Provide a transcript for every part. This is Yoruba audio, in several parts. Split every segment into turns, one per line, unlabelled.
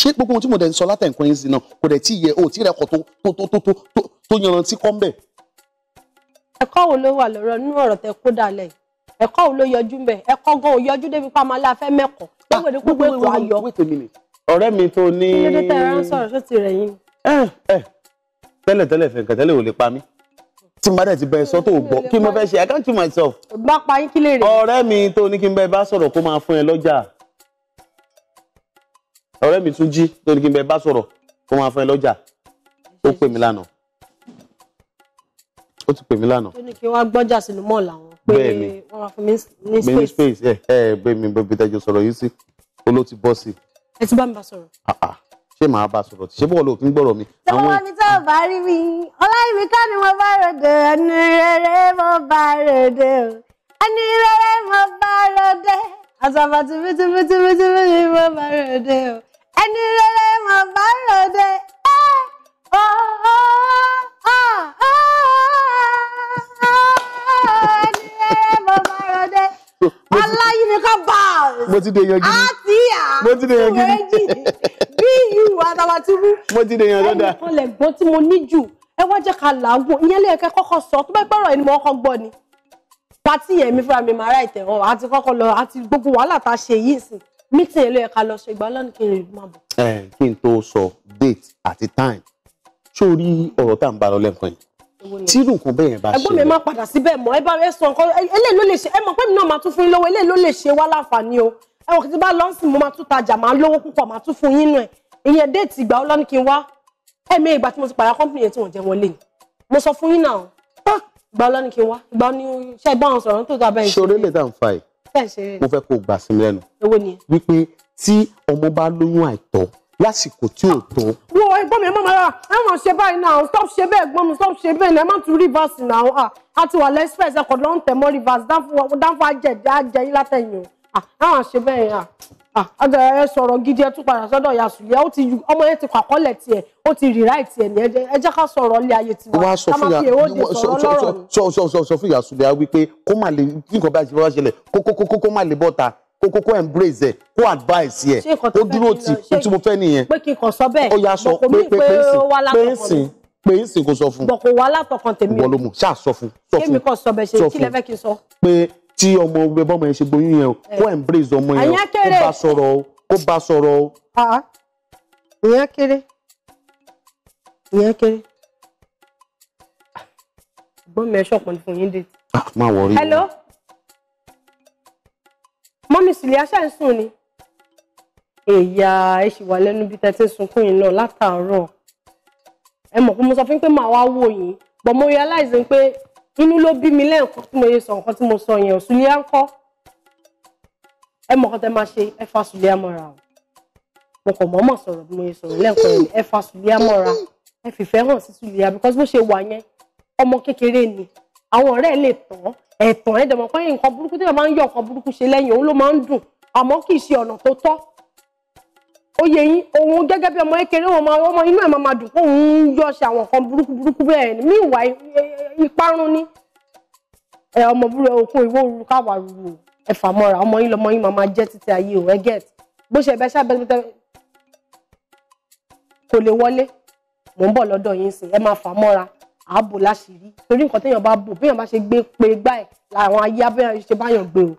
ṣé gbogbo ohun tí mo dẹ̀ ń sọ látẹ̀kọ́ yín sí náà kò dẹ̀ tí yẹ o tí rẹ̀ kọ́ tó tó tó tó tó tó yanrantí kọ́ ń bẹ̀.
ẹ̀kọ́ wo ló wà lọ́rọ̀ nínú ọ̀rọ̀ tẹ kó dalẹ̀ ẹ̀kọ́ wo ló yọjú ń bẹ̀ ẹ̀kọ́ gan ò yọjú débi pa máa láfẹ́ mẹ́kọ̀ọ́ ni gbogbo èkó ayọ̀.
ọ̀rẹ́ mi tó ní. kí ló dé tẹ́ ẹ ránṣọ́rọ̀ ṣó ti rẹ̀ yín. Eh, eh. tẹ́lẹ̀ tẹ́lẹ̀ fẹ̀ǹkẹ̀ tẹ́lẹ̀ tí mo bá dẹ̀ ti bẹ sọ gbọ́ kí mo fẹ́ ṣe i can't do myself.
bá pa yín kí lè
rè. ọ̀rẹ́ mi tó ní kí n bẹ bá sọ̀rọ̀ kó máa fún ẹ lọ́jà ọ̀rẹ́ mi tún jí lórí kí n bẹ bá sọ̀rọ̀ kó máa fún ẹ lọ́jà ó pè mí lánàá ó ti pè mí lánàá. ó
ní kí wọ́n á gbọ́jà sínú mọ́ọ̀lù àwọn
pé wọ́n
máa fún mi ní space. mi ní
space ẹ ẹ bẹ́ẹ̀ mi bẹ́ẹ̀ bí tẹ́jọ sọ̀rọ̀ yìí sí ó ló ti bọ́ sí.
ẹ ti bá mi bá sọ̀rọ̀.
ṣé màá bá sọ̀rọ̀ ṣé bọ́ọ̀ ló fi ń gbọ́rọ̀ mi. tí wọ́n ní
tó bá rí mi ọláyìnbí ká ni mo bá ròde ẹni rere mo bá ròde o ẹni rere mo bá ròde àtàbà tìbítìbítìbítìbí mo bá ròde o ẹni rere mọ̀ bá ròde ẹ́ ọ́ ọ́ ọ́ ẹni rere mọ̀ bá ròde ọláyímíkọ́ bọ́ọ̀lù mo ti dé yan gidi àti mo ti dé yan gidi bí ìwà àtàwàtúbú mo ti dé yan lọ́dà ẹnì kan lẹ̀gbọ́n tí mo ní jù ẹ wá jẹ́ ká làágùn ìyẹn lè kẹ́ kọ́kọ́ sọ tó bá gbọ́rọ̀ ẹni mọ́ kọ́ gbọ́ ni pátì yẹn mi fúnra mi máa ra ìtẹ̀hàn àti kọ́kọ́ lọ àti gbogbo wàhálà tá a ṣe yìí sìn mítìn ilé ẹ̀ka lọ ṣe ìgbà ọlọ́run kí n rìn máa bọ̀.
ẹ kí n tó sọ date àti time sórí ọ̀rọ̀ tá à ń bá lọ lẹ́ẹ̀kan yìí tí irú nǹkan bẹ́ẹ̀ yẹn bá ṣe. ẹ̀gbọ́n mi máa
padà síbẹ̀ mọ́ ẹ bá rẹ sọ nǹkan eléyìí ló lè ṣe ẹ mọ̀ pé mi náà máa tún fún yín lówó eléyìí ló lè ṣe wá láǹfààní o ẹ wọ̀ kí ti bá lọ́ọ̀sì mo máa tún tajà máa lówó púpọ̀ máa tún fún yín nù ẹ̀ ìyẹn déètì ìgbà ọlọ́ni kí n wá ẹ̀mí ìgbà tí mo ti pàdé kọ́mpìnì yẹn tí wọ́n jẹ́ wọlé ni mo sọ fún yín náà ah! ìgbà ọlọ́ni kí n wá ìgbà ni mo
fẹ́ kó o gbà sí mi lẹ́nu wípé tí ọmọ bá lóyún àìtọ́ lásìkò tí ò tó.
wo ẹ̀gbọ́n mi ẹ má máa ra ẹ má ṣe báyìí náà stop ṣe bẹ́ẹ̀ ẹ̀gbọ́n mi stop ṣe bẹ́ẹ̀ náà ẹ má tún reverse náà a ti wà lẹ́sìpẹ̀sì ẹ̀kọ́ ló ń tẹ̀ mọ́ reverse dáńfọ́ ajẹ̀dẹ̀ ajẹ̀yìn látẹ̀yìn o ẹ má ṣe bẹ́ẹ̀ yẹn. Ah, ẹ sọ̀rọ̀ gidi ẹ tún padà sọ́dọ̀ ìyá sùlẹ̀ ó ti ọmọ yẹn ti kọ àkọọ́lẹ̀ tiẹ̀ ó ti rewrite tiẹ̀ ní ẹ jẹ́ ká sọ̀rọ̀ ilé ayé tiwa ká má fi èrò òde sọ̀rọ̀ lọ́rọ̀ ni.
sọ fún ìyá sùlẹ̀ wípé kó má lè nǹkan kó má embrace ẹ kó advice yẹ ó dúró tì tí mo fẹ́ nìyẹn pé kí n kàn sọ bẹ́ẹ̀ ó yà sọ pé pé pé ń sìn pé ń sìn sọ fún. bọ̀kọ̀
wà látọkàn tèmi.
ìwọ ló mú ṣáà sọ fún. kémi
kan sọ bẹ́ẹ̀ ṣe kí lẹ fẹ́ kí n sọ.
pé tí ọmọ ọgbẹ bọmọ ẹ ṣe gboyún yẹn kó eh. embrace ọmọ yẹn kó bá sọ̀rọ̀ o kó bá sọ̀rọ̀ o.
ìyẹn ah, ah. kéré ìyẹn kéré ẹ̀gbọ́n mi ẹ ṣọpọn fún yín dé. Ah, má wọrí o. hello mọ́mí sùlẹ̀ aṣáà ń sùn ni èyà ẹ ṣì wà lẹ́nu bí tẹ́tí sunkún yìí náà látàárọ̀ ẹ mọ̀ pé mo sọ fún yín pé màá wá wò yín but mo realize pé inú ló bí mi lẹ́ẹ̀kan tí mo yẹ sọ nǹkan tí mo sọ yẹn òsùlẹ̀ à ń kọ́ ẹ mọ̀ kan tẹ́ máa ṣe ẹ fa sùlẹ̀ àmọ́ra o mo kàn mọ́mọ́ sọ̀rọ̀ bí mo yẹ sọ̀rọ̀ lẹ́ẹ̀kan yẹn ẹ fa sùlẹ̀ àmọ́ra ẹ fìfẹ́ hàn sí sùlẹ̀ à because bó ṣe wà yẹn ọmọ kékeré ni àwọn ọ̀rẹ́ lè tán ẹ̀tàn ẹ̀dẹ̀mọ̀ kan yẹn nǹkan burúkú tí wọ́n máa ń yọ nǹkan burúkú ṣe lẹ́yìn oyè yín òun gẹ́gẹ́ bí ọmọ kékeré ọmọ ọmọ inú ẹ̀ máa ma dùn òun ń yọ ṣe àwọn nǹkan burúkú burúkú bẹ́ẹ̀ ni míìwá ìparun ni ẹ ọmọ búrẹ okun ìwọ òru káwà ruru ẹ fà mọ́ra ọmọ yín lọmọ yín máa ma jẹ́ títí ayé ò ẹ get bó ṣe bẹ́ẹ̀ ṣàbẹ́sẹ̀ kò lè wọlé mò ń bọ̀ lọ́dọ̀ yín sí ẹ máa fà mọ́ra ààbò láṣìírí torí nǹkan téèyàn bá bò béèyàn bá ṣe gbé pé gbá ẹ̀ làwọn ayé abẹ́yàn ṣe báyàn gbé o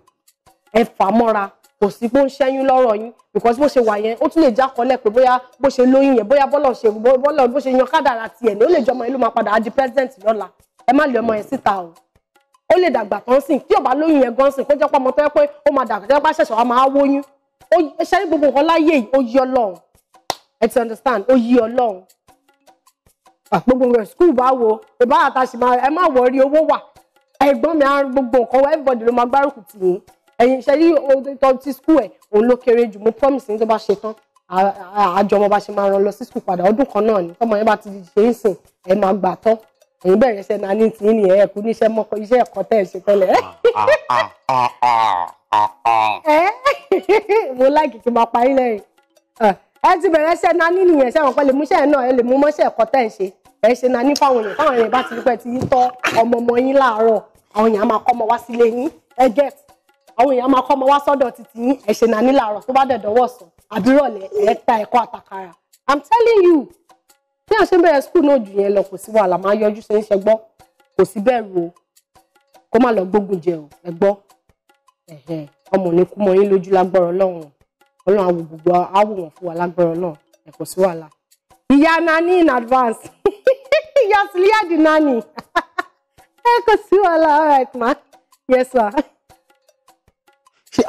ẹ fà mọ́ra kò sí pé ó ń ṣẹ́yún lọ́rọ̀ yín because bó ṣe wà yẹn ó tún lè jákọ́lẹ̀ pé bóyá bó ṣe lóyún yẹn bóyá bọ́lọ̀ ṣe bọ́lọ̀ bó ṣe yan kádàrà tiẹ̀ ni ó lè jọ ọmọ máa padà á president lọ́la ẹ má lé ọmọ yẹn síta o ó lè dàgbà tán sìn tí ò lóyún yẹn gan sìn kó jẹ́ pé ọmọ tó yẹ pé ó máa dàgbà jẹ́ pé àṣẹ̀ṣẹ̀ wa máa wóyún ó ṣe gbogbo nǹkan láyé yìí ó yí Ọlọ́run ẹ ti understand ó yí Ọlọ́run ẹ̀yin ṣe rí ohun ti school ẹ̀ òun ló kéré jù mo promise ní tó bá ṣe tán àjọ ọmọ bá ṣe máa rán lọ sí school padà ọdún kan náà ni tọmọ yẹn bá ti di ṣe ń sìn ẹ máa gbà tán ẹ̀yin bẹ̀rẹ̀ iṣẹ́ náà ní tìyín ni ẹ kú ní iṣẹ́ mọ́kọ iṣẹ́ ẹ̀kọ́ tẹ̀ ẹ̀ ṣe tẹ́lẹ̀. mo láìkì kí n máa parí lẹ́yìn ẹ ti bẹ̀rẹ̀ iṣẹ́ náà ní nìyẹn ṣẹ́wọ̀n pẹ́ lè mú iṣẹ́ náà ẹ lè mú mọ́ṣẹ́ ẹ̀kọ́ tẹ̀ ẹ̀ ṣe ẹ ṣe náà ní fáwọn èèyàn fáwọn èèyàn bá ti rí pẹ́ ti yín tọ́ ọmọ ọmọ yín láàárọ̀ àwọn èèyàn á máa kọ́ ọmọ wá sílé yín ẹ gẹ́t àwọn èèyàn máa kọ́ ọmọ wá sọ́dọ̀ títí yín ẹ̀ṣẹ̀ náà ní làárọ̀ tó bá dẹ̀ dọ́wọ́ sàn àbírọ̀lẹ̀ ẹ̀ ẹ̀kọ́ àtàkàrà i'm telling you bí a ṣe ń bẹ̀rẹ̀ skul náà jù yẹn lọ kò sí wàhálà máa yọjú ṣe ń ṣe gbọ́ kò sí bẹ̀rù o kó má lọ gbógun jẹ o ẹ gbọ́ ọmọ ní kú mọ yín lójú lágbọ́rọ̀ lọ́hùn ọlọ́run àwọn gbogbo àwòrán fún wa lágbọ́rọ̀ náà ẹ kò sí wàhálà. ìyá nani in advance ìyá sílíàdì nani ẹ kò sí wàhálà all right ma yes sir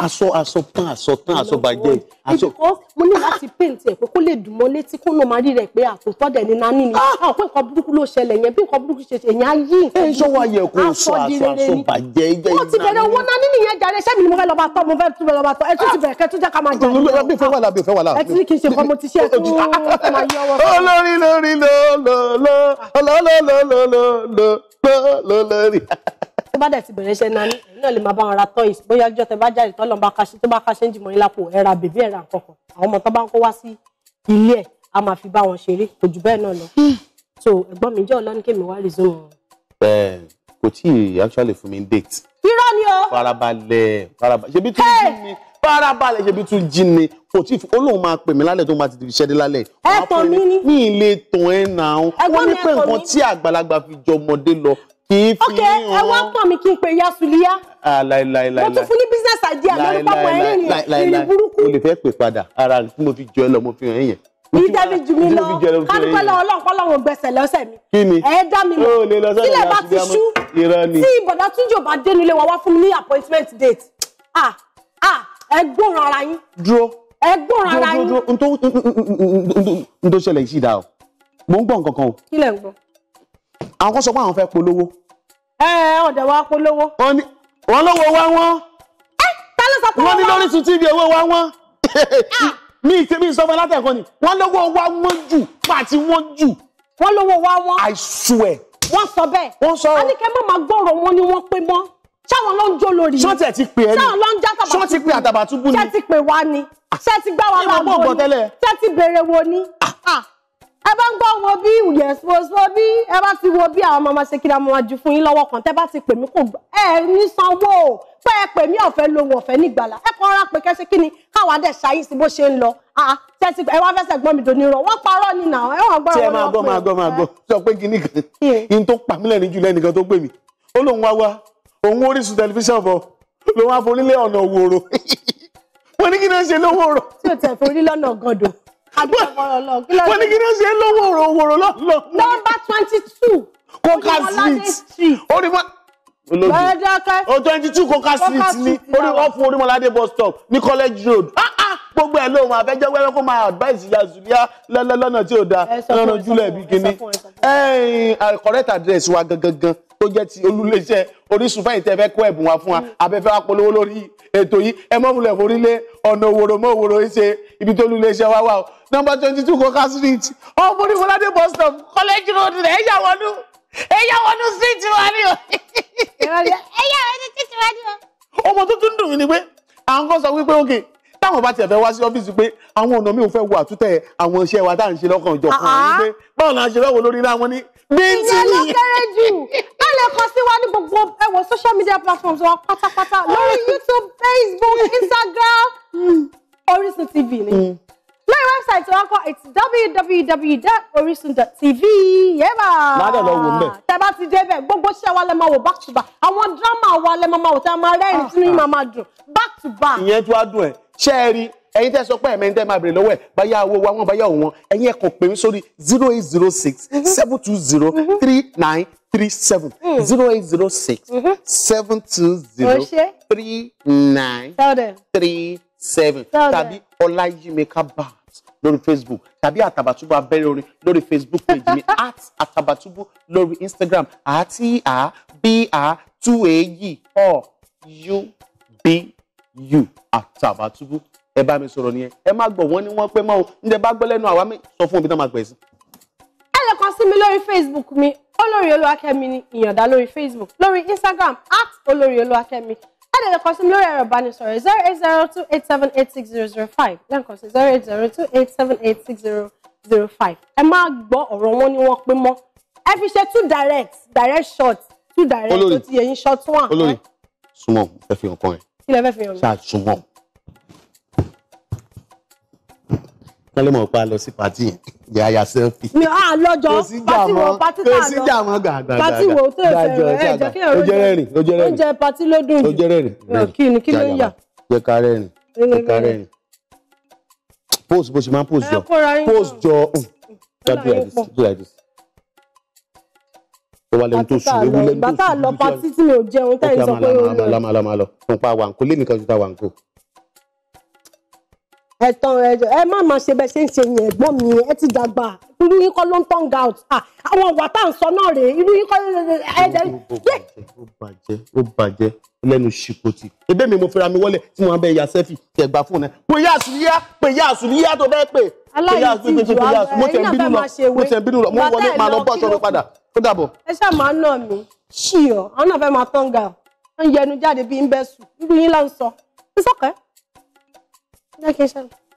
aṣọ aṣọ tán aṣọ tán aṣọ bàjẹ́ aṣọ.
because mo ní láti paint ẹ̀ pé kó lè dùn mọ́ létí kó ló máa rí rẹ̀ pé àtúntọ́ dẹ̀ ní nání ni àwọn pé nǹkan burúkú ló ṣẹlẹ̀ yẹn bí nǹkan burúkú ṣe ṣe yẹn á yí nǹkan yìí. ṣọwọ́ ayẹ kò sọ aṣọ aṣọ bàjẹ́ ẹgbẹ́ ìnáwó. mo ti bẹ̀rẹ̀ owó nání nìyẹn jàre sẹ́mi ni mo fẹ́ lọ́ba tọ́ mo fẹ́ tún bẹ̀rẹ̀ lọ́ba tọ́ ẹ tún ti bẹ̀rẹ̀ kẹ́ tún jẹ́ ká máa jẹun. bí ìfẹ́ wà lá bí ìfẹ́ wà lá. ẹ ti ní kí n ṣe kọ́ mo ti ṣe ẹ tún máa yọ ọwọ́. olórí lórí lọ́ọ́ lọ́ọ́ lọ́ọ́ lọ́ọ́ lọ́ọ́ lọ́ọ́ lọ́ọ́ lọ́ọ́ lọ́ọ́ lọ́ọ́ tó bá dẹ̀ ti bẹ̀rẹ̀ iṣẹ́ náà ní ẹ̀yin náà lè máa bá wọn ra toys bóyá ọjọ́ tẹ bá jáde tọ́ lọ́nba kaṣe tó bá kaṣe ń jìmọ̀ yín lápò ẹ bèbí ẹ ra àwọn ọmọ tó bá ń kó wá sí ilé ẹ̀ a máa fi bá wọn ṣeré kò jù bẹ́ẹ̀ náà lọ. Hmm. so ẹ̀gbọ́n mi jẹ́ ọlọ́ni kémi wá rí zoom.
ẹ kò tí ì actually fún mi ń date.
irọ́ ni o.
farabalẹ̀ farabalẹ̀ ṣebí tún jí mi farabalẹ̀ ṣebí tún jí mi kò tí ì olóhùn máa pè mí lálẹ́ tó máa ti fi dé lálẹ́. ẹ tàn ni. mi ì lè tàn ẹ́ nà án. ẹ̀gbọ́n mi ẹ tàn wọ́n ní pé nǹkan tí àgbàlagbà fi jọ ọmọdé lọ kì í fi hàn. ok ẹ wá
pọ̀ mi kí n pè yasuliya.
Ah, láìláìláìláì mo tún fún
ní business idea lórí pápá ẹ̀rín ìrìn
burúkú. olùfẹ́ pè padà ara rẹ̀ tí mo fi jọ ẹ lọ mo fi hàn ẹ yẹn ní dábì jù mí lọ kádùpẹ́lẹ́
ọlọ́pọ̀lọ́wọ̀ gbẹ̀sẹ̀ lọ́sẹ̀ mi ẹ̀ dá mi mọ̀ sílẹ̀ bá ti ṣú tí ìbọ̀dá túnjò bá dénú ilé wa wá fún mi ní appointment date ah ah ẹ gbóòràn ara yín dúró ẹ gbóòràn ara yín.
n tó ṣẹlẹ̀ yìí sì dáa o mò ń gbọ́ nǹkan kan o. kílẹ̀ ń gbọ́. àwọn kan sọ pé àwọn fẹ́ polówó ẹ eh, ọ̀dẹ̀ wa polówó. wọ́n lówó wa wọ́n. ẹ eh, ta ló sọ pé wọ́n wọ́n. wọ́n ní lórísun tv owó wa wọ́n. Ah. mi ìtẹ́ mi sọ fún ẹ látẹ̀kọ́ ni
wọ́n lówó wa wọ́n jù pàtí wọ́n jù. wọ́n lówó wa wọ́n. I swear. wọ́n sọ bẹ́ẹ̀. wọ́n sọ. a ní kẹ́ mọ́ máa gbọ́rọ̀ wọn ni wọ́n pé mọ́ sáwọn ló ń jó lórí. sọ́ọ̀tì ti pè é ni sọ́ọ̀tì pè àtàbàtúbú ni. sẹ́ẹ̀tì pè wá ni sẹ́ẹ̀tì gbá wa lágbo ni sẹ́ẹ̀tì béèrè wo ni. Ah. Ah ẹ bá ń gbọ́ wo bí yes wo wo bí ẹ bá ti wo bí àwọn ọmọ ọmọ ṣe kí ni àwọn ọmọ ju fún yín lọ́wọ́ kan tẹ́ bá ti pè mí kò gbọ́ ẹ ní sanwó pé ẹ pè mí ọ̀fẹ́ lóhun ọ̀fẹ́ nígbàlá ẹ kọ́ ra pé kẹ́sẹ́ kí ni káwa dẹ̀ ṣayé sí bó ṣe ń lọ tẹ́sí ẹ wá fẹsẹ̀ gbọ́n mi dònírọ̀ wọ́n parọ́ ni nà ẹ wọ́n gbọ́ ọ̀rọ̀ wọn pé. tí ẹ máa gbọ́ máa
gbọ́ máa gbọ́ sọ pé kinní kan in tó pa mí lẹ́nu jù lẹ́nìkan tó pè mí ó lóun wá wá òun
Orísun wọ́n ní kí ló ṣe lówó òròwòrò lọ́nà. nọ́mbà twenty two. coca street orímọ olóògbé o twenty two coca street ni ọ̀fun
orímọládé bus stop ní college road ah, ah. gbogbo ẹ lóhun àfẹjọ wẹrẹ kó máa advice ìyá zulia lọ́nà tí ò da lọ́nà júlẹ bí kíní uh, correct address wa gangan tó jẹ́ ti olúléeṣẹ́ Orísun fẹ̀yìntì ẹ kó ẹ̀bùn wa fún wa mm. abẹ́fẹ́ wa polówó lórí ètò yìí ẹ mọ́ wulẹ̀ forílẹ̀ ọ̀nà òwòrò mọ́ òwòrò ṣe ibi tó lulẹ̀ iṣẹ́ wá wà o nọmba twenty two Coca street ọmọ ní fọládé bus stop college road rẹ̀ ẹ̀yà wọnú ẹ̀yà
wọnú street wa ni o. ẹ̀yà wọnú street wa ni o.
ọmọ tó tún dùn mí ni pé à ń kọ́ sọ wípé òkè táwọn bá tiẹ̀ fẹ́ wá sí ọ́fíìsì pé àwọn ọ̀nà mi ò fẹ́ wo àtúntẹ̀ àwọn iṣẹ́ wa tá à ń ṣe lọ́kàn ìjọ kan yìí ah, ah. pé báwo la ṣe lọ́wọ́ lórí láwọn ní. bíntì ni ìyẹn ló
kéré jù ẹ lè kàn sí wa ní gbogbo ẹwọ social media platforms wa pátápátá lórí YouTube, Facebook, Instagram. Hmm. Orísun TV ni hmm. lórí wẹ́bsáìtì wọn kọ it's www.orisun.tv yẹ́bà. ládàá lọ wò ń bẹ̀. tẹ́ bá ti débẹ̀ gbogbo iṣẹ́ wa lẹ máa wò back to back àwọn drama wa lẹ máa wò tẹ́ máa rẹ́rìn ah, tí yín ah. máa dùn back to
back. ìyẹn tí wàá dùn ẹ ṣé ẹ rí ẹ̀yin tẹ́ sọ pé ẹmẹ ń tẹ́ máa bèrè lọ́wọ́ ẹ báyà owó wa wọn báyà òun ẹ̀yin ẹ kàn pè mí sórí zero eight zero six seven two zero three nine three seven hmm. zero eight zero six seven two zero three nine three seven tàbí ọláyímẹka babs lórí facebook tàbí àtàbàtúbú abẹ́rẹ́ orin lórí facebook page mi at àtàbàtúbú lórí instagram àti à bí à tú èyí ọ yú bí yù àtàbàtúbú ẹ bá mi sọ̀rọ̀ nìyẹn ẹ má gbọ́ wọ́n ní wọ́n pẹ́ mọ́ o ní ẹ bá gbọ́ lẹ́nu àwa mi sọ fún omi tán máa gbẹ̀ sí.
ẹ lè kàn sí mi lórí facebook mi olórí olúwakẹ́mi ni ìyàndá lórí facebook lórí instagram at olórí olúwakẹ́mi ẹ lè kọ sí mi lórí ẹ̀rọ ìbánisọ̀rọ̀ zero eight zero two eight seven eight six zero zero five lẹ́ǹkan sí zero eight zero two eight seven eight six zero zero five ẹ má gbọ́ ọ̀rọ̀ wọn ni wọ́n pé direct direct short two direct tó ti short one. olórí
súnmọ́ ẹ fi hàn kan ẹ̀ kí lẹ fẹ́ fi hàn mi. ṣáà súnmọ́ kálí mọ̀ yàyà sẹ́fì.
mi à lọ́jọ́ pati wo pati tá a lọ kò sí jàmọ́ gbàgbà pati wo tó o fẹ́ràn ẹ jẹ́ kí ẹ̀rọ rẹ̀ oúnjẹ pati ló
dùn oúnjẹ rẹ̀ rẹ̀ kí ni kí ló ń yà. jẹ́ ká rẹ̀ rìn jẹ́ ká rẹ̀ rìn pose bó ṣe máa ń pose jọ pose jọ mm. dájú like this do like this. ó wà lẹ́nu tó sùn ewu lẹ́nu tó sùn. bàtà
lọ pati tí mi ò jẹun tẹ́ ẹ sọ pé ó lọ. ó kí a
máa lọ fún pa wàǹkó lé nìkan ju ta wàǹkó
ẹ̀tàn ẹ̀jọ̀ ẹ má máa ṣe bẹ́ẹ̀ ṣe ń ṣe yẹn ẹ̀gbọ́n mi ẹ ti dàgbà irú yín kọ́ ló ń tán gout àwọn ìwà tá à ń sọ náà rèé irú yín kọ́ ẹ̀jẹ̀ yé.
ó bàjẹ́ ó bàjẹ́ lẹ́nu ṣìkòtì ebé mi mo fẹ́ra mi wọlé tí mo bá bẹ́ẹ̀ ya sẹ́fì tẹ̀ gbà fún un náà pé yá àsùnìyá pé yá àsùnìyá tó bẹ́ẹ̀ pé. aláìsí ìjọ mo tẹ̀ bínú lọ náà
fẹ́ máa tán gout ده كشنطة